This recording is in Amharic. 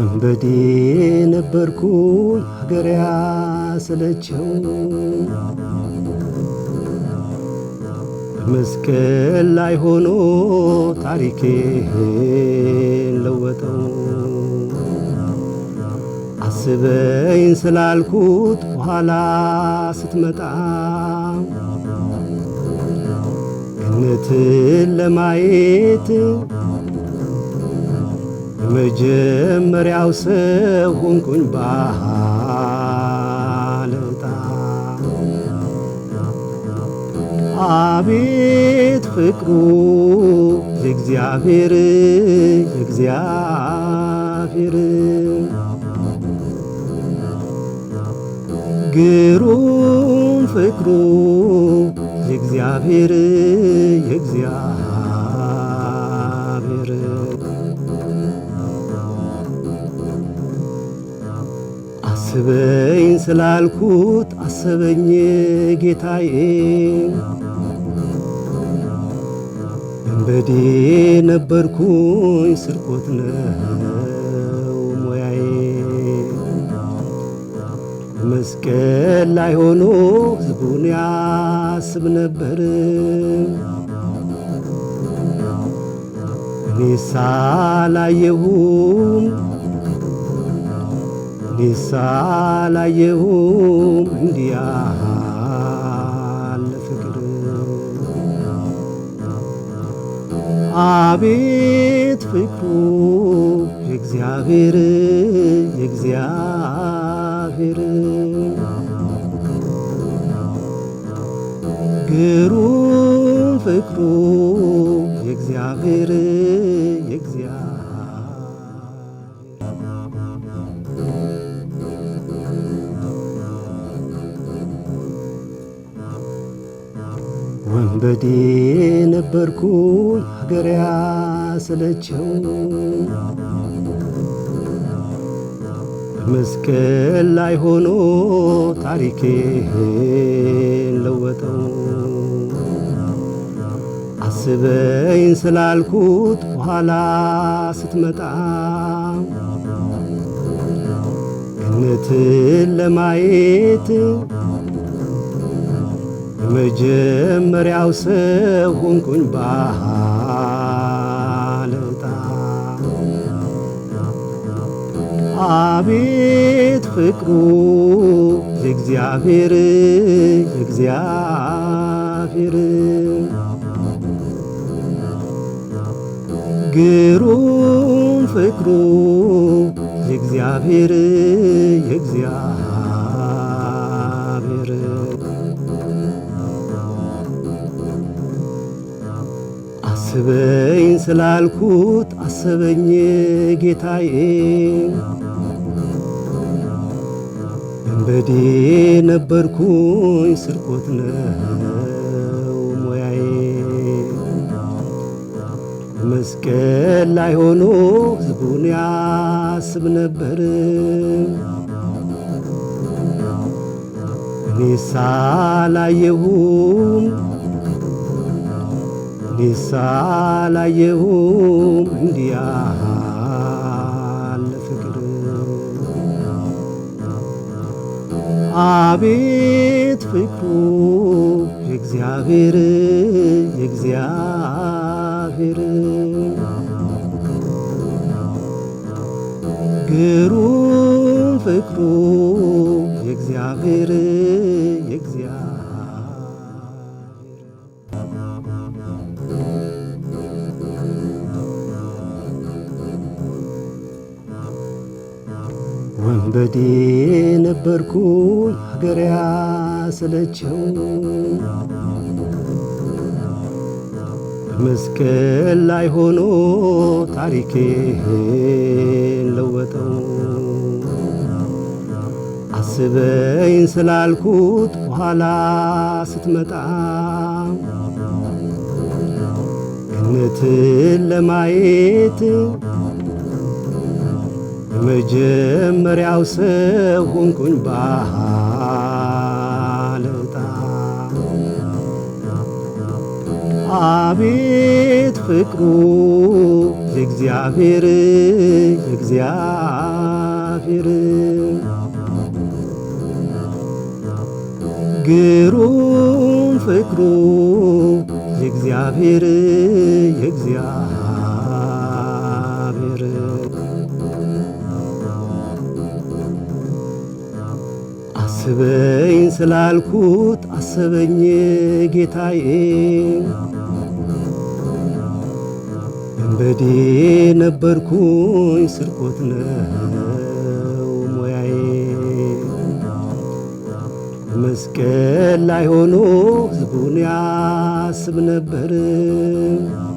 ወንበዴ ነበርኩ ሀገር ያሰለቸው መስቀል ላይ ሆኖ ታሪኬን ለወጠው። አስበኝ ስላልኩት በኋላ ስትመጣ ገነትን ለማየት መጀመሪያው ሰው ሆንኩኝ ባለውጣ አቤት ፍቅሩ የእግዚአብሔር የእግዚአብሔር ግሩም ፍቅሩ የእግዚአብሔር የእግዚአብሔር ስበኝ ስላልኩት አሰበኝ ጌታዬ እንበዴ ነበርኩኝ ስርቆት ነው ሞያዬ መስቀል ላይ ሆኖ ሕዝቡን ያስብ ነበር እኔ ሳላየሁም ጌሳ ላየሁም እንዲያለ ፍቅር አቤት ፍቅሩ የእግዚአብሔር የእግዚአብሔር ግሩም ፍቅሩ የእግዚአብሔር ወንበዴ ነበርኩ ሀገር ያሰለቸው መስቀል ላይ ሆኖ ታሪኬን ለወጠው። አስበኝ ስላልኩት በኋላ ስትመጣ ገነትን ለማየት መጀመሪያው ሰው ሆንኩኝ ባለውጣ አቤት ፍቅሩ የእግዚአብሔር እግዚአብሔር ግሩም ፍቅሩ የእግዚአብሔር የእግዚአብሔር ስበኝ ስላልኩት አሰበኝ ጌታዬ። እንበዴ ነበርኩኝ ስርቆት ነው ሞያዬ። መስቀል ላይ ሆኖ ሕዝቡን ያስብ ነበር እኔ ሳላየሁም ዴሳ ላየሁም እንዲያለ ፍቅር አቤት ፍቅሩ የእግዚአብሔር የእግዚአብሔር ግሩም ፍቅሩ የእግዚአብሔር የእግዚአብሔር ወንበዴ ነበርኩኝ ሀገር ያሰለቸው መስቀል ላይ ሆኖ ታሪኬን ለወጠው። አስበኝ ስላልኩት በኋላ ስትመጣ ገነትን ለማየት መጀመሪያው ሰው ሆንኩኝ ባለውጣ አቤት ፍቅሩ የእግዚአብሔር የእግዚአብሔር ግሩም ፍቅሩ የእግዚአብሔር የእግዚአብሔር አስበኝ ስላልኩት አሰበኝ ጌታዬ ገንበዴ ነበርኩኝ ስርቆት ነው ሞያዬ መስቀል ላይ ሆኖ ሕዝቡን ያስብ ነበር